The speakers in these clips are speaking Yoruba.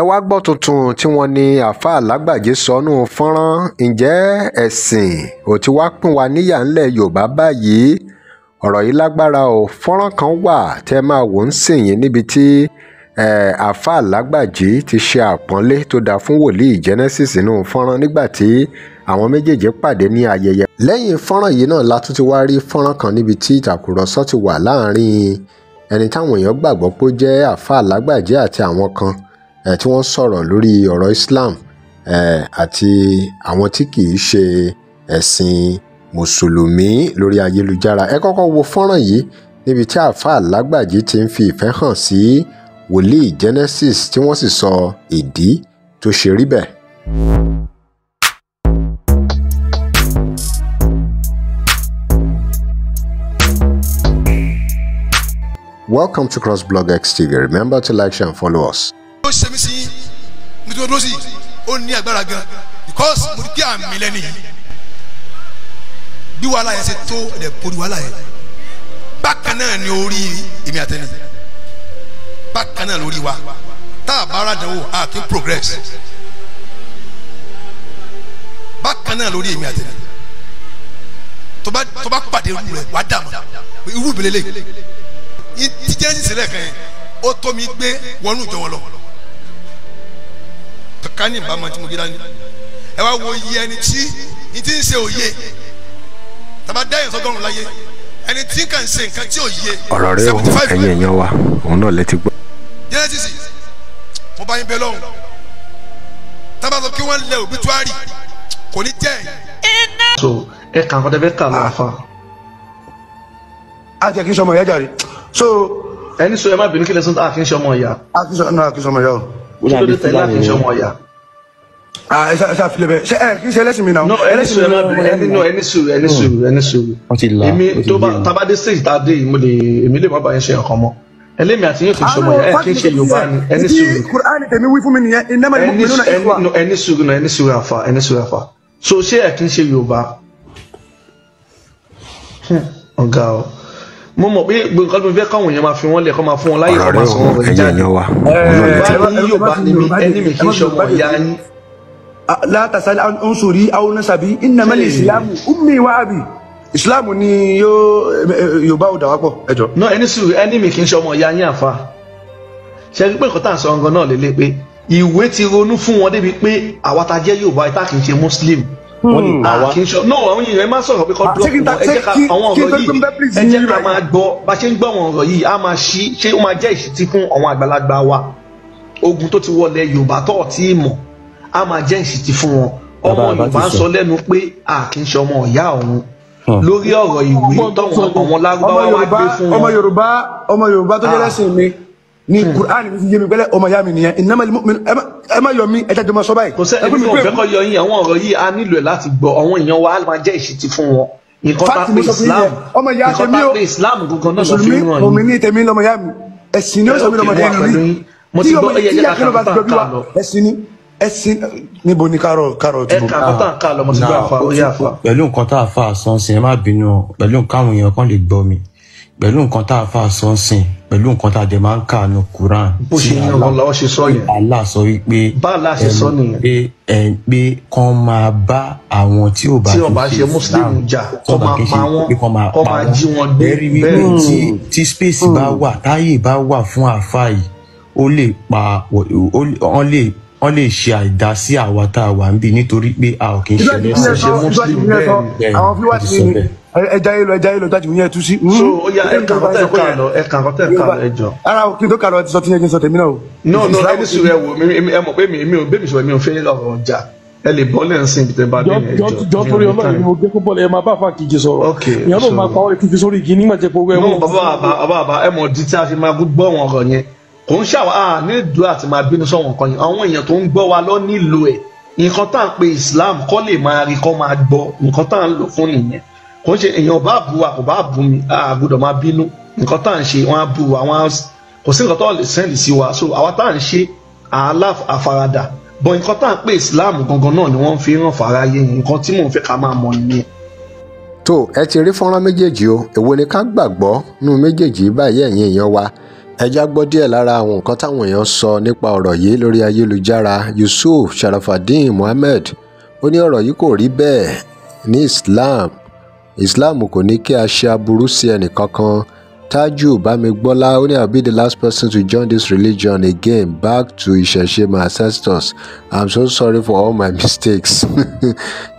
ẹ wá gbọ́ tuntun tí wọ́n ní àáfàá alágbàjì sọnù fọ́nrán ǹjẹ́ ẹ̀sìn ò ti wá pín wa níyà ńlẹ̀ yorùbá báyìí ọ̀rọ̀ yìí lágbára o fọ́nrán kan wà tẹ́ máa wò ń sìn yín níbi tí àáfàá alágbàjì ti ṣe àpọ́nlé tó dáa fún wòlíì genesis nínú fọ́nrán nígbà tí àwọn méjèèjì pàdé ní ayẹyẹ. lẹ́yìn fọ́nrán yìí náà la ti wá rí fọ́nrán kan níbi tí ìtàkùrọ̀sọ ti wà láàárín ẹni táwọn èèyàn gbàgbọ́ pé ó jẹ́ àáfàá alágbàjì àti àwọn kan Eh, tí wọ́n sọ̀rọ̀ lórí ọ̀rọ̀ Islam eh, àti àwọn tí kì í ṣe ẹ̀sìn mùsùlùmí lórí ayélujára ẹ kọ́kọ́ wo fọ́nrán yìí níbi tí àáfàá lágbàjì ti ń fi ìfẹ́ hàn sí wòlíì Genesis tí wọ́n sì sọ ìdí tó ṣe rí bẹ́ẹ̀. Welcome to CrossblogX XTV. Remember to like, share, and follow us tó ṣe mí sí yín mi tó dúró sí ó ní agbára gan because mo kí àmì lẹ́nu yìí bí wàhálà yẹn ṣe tó ẹ̀dẹ̀ borí wàhálà yẹn bákan náà ni orí èmi àtẹ́ni bákan náà lórí wa tá a bá ara dánwò a kì í progress bákan náà lórí èmi àtẹ̀lẹ́ tó bá tó bá pàdé irú rẹ̀ wá dààmú irú ìbílẹ̀ lè jíjẹ́ sísè lẹ́ẹ̀kan yẹn ó tó mi gbé wọnú ìjọ wọn lọ kankan ní ìbámu tí mo gbé dání ẹ wá wo iye ẹni tí ní ti ń ṣe òye tàbá dá èèyàn sọgọrùn láyé ẹni tí kàn ṣe nǹkan tí òye. ọ̀rọ̀ rẹ o ẹ̀yin èèyàn wa òun náà létí gbọ́. genesis mo bá yín bẹ lọ́hùn tábà sọ kí wọ́n lẹ òbítúárì kò ní jẹ́ ẹ̀. so ẹ kàn kọ́ tẹ́fẹ́ kà lọ́wọ́ fa. a jẹ́ kí sọmọ ìyá jàre so. ẹni sọ ẹ má bínú kí lè sún tá a kì í sọmọ ìyá. a kì í sọmọ ìyá o olóde tẹlẹ àfihàn ọmọ ọyà. Ah, ẹ ṣàfilẹ̀ bẹ́ẹ̀ ṣe ẹ kì í ṣe ẹlẹ́sìn mi náà. ẹlẹ́sìn mi náà bẹ̀rẹ̀ ẹni náà ẹni sùúrù ẹni sùúrù ẹni sùúrù. èmi tó bá tabadé stage tá a dé yìí mo lè èmi lè má bàa yẹn ṣe nǹkan mọ́ ẹlẹ́mi àti yín kò sọ mọ́ ẹ kì í ṣe yorùbá ni ẹni sùúrù. kúránì tèmi wí fún mi nìyẹn iná máa ń gbóná ẹni sùúrù náà ẹni sùúrù àfà ẹni sùúrù àfà so ṣé ẹ kì í ṣe yorùbá. ọ̀gá o mo mọ̀ pé nǹkan tó ń fẹ́ káwọn èèyàn máa fi wọ́n lẹ̀ kọ́ máa fún wọn láyè kọ́ máa sọ wọn jáde báyìí yóò bá ní mi ẹni mi kì í ṣọmọ ìyá yín. látàsálẹ̀ ń sòrí àwọn nasabi innamal islamu ummi wa abi ni yóò yorùbá ò dà wá pọ̀ ẹjọ́. náà ẹni sùn ẹni mi kì í ṣọmọ ìyá yín àfa ṣe pé nǹkan tá à ń sọ ọ̀ngàn náà lélẹ̀ pé ìwé ti ronú fún wọn débi pé àwa ta jẹ́ yorùbá muslim Hmm. wọ́n lè gbà wá. náà àwọn yìnyín má sọ̀rọ̀ pé kọ́ dúró ẹ jẹ́ ká àwọn ọ̀rọ̀ yìí ẹ jẹ́ ká máa gbọ́ bá ṣe ń gbọ́ àwọn ọ̀rọ̀ yìí á máa ṣí ṣé ó máa jẹ́ ìṣítí fún àwọn àgbàlagbà wa ogun tó ti wọlé Yorùbá tó ọ̀tí ìmọ̀ á máa jẹ́ ìṣítí fún wọn ọmọ Yorùbá ń sọ lẹ́nu pé a kì í ṣe ọmọ ọ̀yá òun hmm. lórí ọ̀rọ̀ ìwé tọ́wọ́n àwọn lárúbáwá wá gbé fún wọn. ọmọ Yorùbá ọmọ Yorùbá tó jẹ́ ah. lẹ́sìn mi ni Qur'an ni yemi gbẹlẹ ọmọ ya mi nìyẹn innamal mu'min ẹ má yọ mi ẹ jẹjọ ma sọ báyìí. kò sẹ́ ẹni tó fẹ́ kọ́ yọ yín àwọn ọ̀rọ̀ yìí a nílò ẹ̀ láti gbọ́ àwọn èèyàn wa á máa jẹ́ ìṣítí fún wọn. nǹkan tá a pè Islam nǹkan tá a pè Islam gangan náà lọ fi ń ràn yín. omi ní tèmi lọmọ ya mi ẹ̀sìn ni ó sọ mi lọmọ ya mi mo ti gbọ́ ẹyẹ jẹ́ ká kàn ká lọ. ẹ̀sìn ni ẹ̀sìn níbo ni kárọ̀ kárọ̀ tó bọ̀. ẹ̀ka kan tá à ń ká lọ mo ti gbọ́ àfa orí àfa. pẹ̀lú nǹkan tá a fa àsọ̀nsìn ẹ má bínú pẹ̀lú nǹkan àwọn èèyàn kan lè gbọ́ mi pẹ̀lú nǹkan tá a fa àsọ̀nsìn pẹ̀lú nǹkan tá a jẹ máa ń kà ní Quran bó ṣe yan ọlọ́ ọ ṣe sọ yẹn Allah sọ wípé báàlà ṣe sọ nìyẹn pé ẹ pé kán máa bá àwọn tí ò bá ṣe Muslim jà kán máa pa wọn kán máa pa wọn bẹ́ẹ̀rí wípé tí tí space bá hmm. wà táyè bá wà fún àfa yìí ó lè pa ó lè wọ́n lè ṣe àìdá sí àwa tá a wà ń bí nítorí pé a ò kì í ṣe lẹ́sẹ̀ Muslim bẹ́ẹ̀ ni àwọn fúlàṣì ni ẹja yìí lọ ẹja yìí lọ jáde yẹn tú sí. so hmm? ó yà ẹka kọtẹ ẹka lọ ẹka kọtẹ ẹka lọ ẹjọ. ara o kí n kà lọ ti sọ tí n yẹ kí n sọ náà o. no no ẹni sùn rẹ wò mí ẹ mọ̀ pé mi mi ò bẹ́ẹ̀ mi sọ̀rọ̀ mi ò fẹ́ ọ̀rọ̀ ọjà ẹ lè bọ́ lẹ́yìn sí ibi tẹ́ bá fa kìjì sọ̀rọ̀ ìyá ló máa pa ọ́ ìkíkí sórí igi nígbà tẹ́ gbogbo ẹ mú. bàbá bàbá ẹ mọ̀ di tí a fi máa gbọ́ wọn ọ̀rọ̀ yẹn kò ń ṣàwọn a ní ìdúró àti máa bínú sọ̀wọ́n kan yẹn àwọn èèyàn tó ń gbọ́ wa lọ nílò ẹ̀ nǹkan tá à ń pe Islam kọ́ lè máa rí kọ́ máa gbọ́ nǹkan tá à ń lò fún nìyẹn kò ń ṣe èèyàn bá bu wa kò bá bu mi a gbọ́dọ̀ máa bínú nǹkan tá à ń ṣe wọ́n á bu wa wọ́n á kò sí nǹkan tó lè sẹ́ǹdì sí wa so àwa tá à ń ṣe àálà àfaradà bọ̀ nǹkan tá à ń pè Islam gangan náà ni wọ́n fi ràn fara yé nǹkan tí mò ń fẹ́ ká máa mọ nìyẹn. tó ẹ ti rí fọ́nrán méjèèjì o èwo ni ká gbàgbọ́ nínú méjèèjì báyìí ẹ̀yin èèyàn wa ẹja gbọ́ díẹ̀ lára àwọn nǹkan táwọn èèyàn sọ nípa ọ̀rọ̀ yìí lórí ayélujára Yusuf Sharafadeen Muhammed ó ní ọ̀rọ̀ yìí kò rí bẹ́ẹ̀ ní Islam Islam kò ní kí a ṣe aburú sí ẹnìkankan. Tájù Bámigbọ́lá ó ní I'll be the last person to join this religion again back to ìṣẹ̀ṣe my ancestors. I'm so sorry for all my mistakes.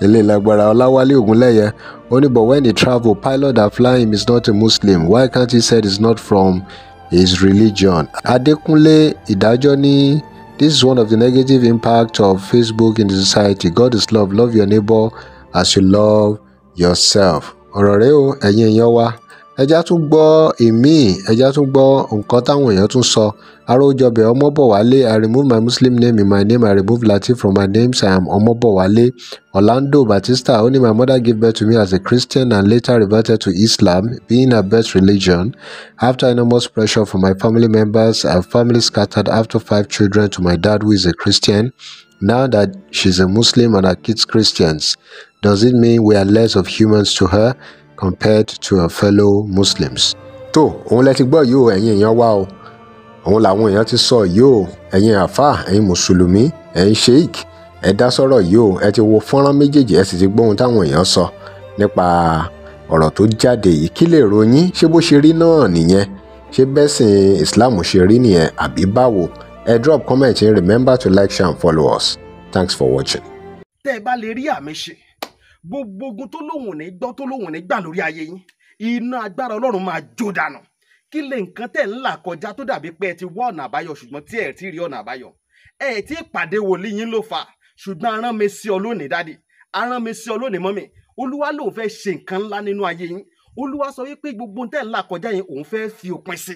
Ilé ìlágbára Ọláwálé Ògúnlẹ̀yẹ ó ní but when he travel pilot that fly him is not a Muslim why can't he said it's not from his religion? Adékúnlé Ìdájọ́ ní. This is one of the negative impacts of Facebook in the society. God is love. Love your neighbor as you love yourself ọ̀rọ̀ rẹ o ẹ̀yin èèyàn wa ẹja tún gbọ́ ìmíì ẹja tún gbọ́ nǹkan táwọn èèyàn tún sọ arójọbẹ̀ ọmọbọ̀wálé i remove my muslim name in my name i remove latif from my name i am ọmọbọ̀wálé orlando batista Only my mother gave birth to me as a christian and later reverted to islam being her birth religion after enormous pressure from my family members her family scattered after five children to my dad who is a christian now that she's a muslim and her kids christians Does it mean we are less of humans to her compared to her fellow Muslims? Tó òun lẹ ti gbọ́ yìí o ẹ̀yin èèyàn wa o òun làwọn èèyàn ti sọ yìí o ẹ̀yin àfáà ẹ̀yin mùsùlùmí ẹ̀yin sheik ẹ dá sọ̀rọ̀ yìí o ti wo fọ́nrán méjèèjì ẹ sì ti gbọ́ ohun táwọn èèyàn sọ nípa ọ̀rọ̀ tó jáde yìí kí lè ròyìn ṣé bó ṣe rí náà nìyẹn ṣé bẹ́sìn Islam ṣe rí nìyẹn àbí báwo ẹ drop comment and remember to like share and follow us thanks for watching. tẹ́ ẹ bá lè rí àmì ṣe gbogbo ogun tó lóhùn ní gbọ́ tó lóhùn ní gbà lórí ayé yín iná agbára ọlọ́run máa jó dànù kí lè nǹkan tẹ̀ ń là kọjá tó dàbí pé ẹ ti wá ọ̀nà àbáyọ ṣùgbọ́n tí ẹ ti rí ọ̀nà àbáyọ ẹ ti pàdé wòlíì yín ló fà ṣùgbọ́n arán mi sí ọ lónìí dádì arán mi sí ọ lónìí mọ́mì olúwa lòun fẹ́ ṣe nǹkan ńlá nínú ayé yín olúwa sọ wípé gbogbo tẹ̀ ń là kọjá yẹn òun fẹ́ fi òpin sí